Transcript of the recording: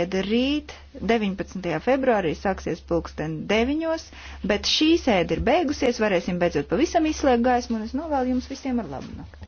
sēde rīt, 19. februārī, sāksies pulksten 9, bet šī sēde ir beigusies, varēsim beidzot pavisam izslēgt gaismu, un es novēlu jums visiem ar labu nakti.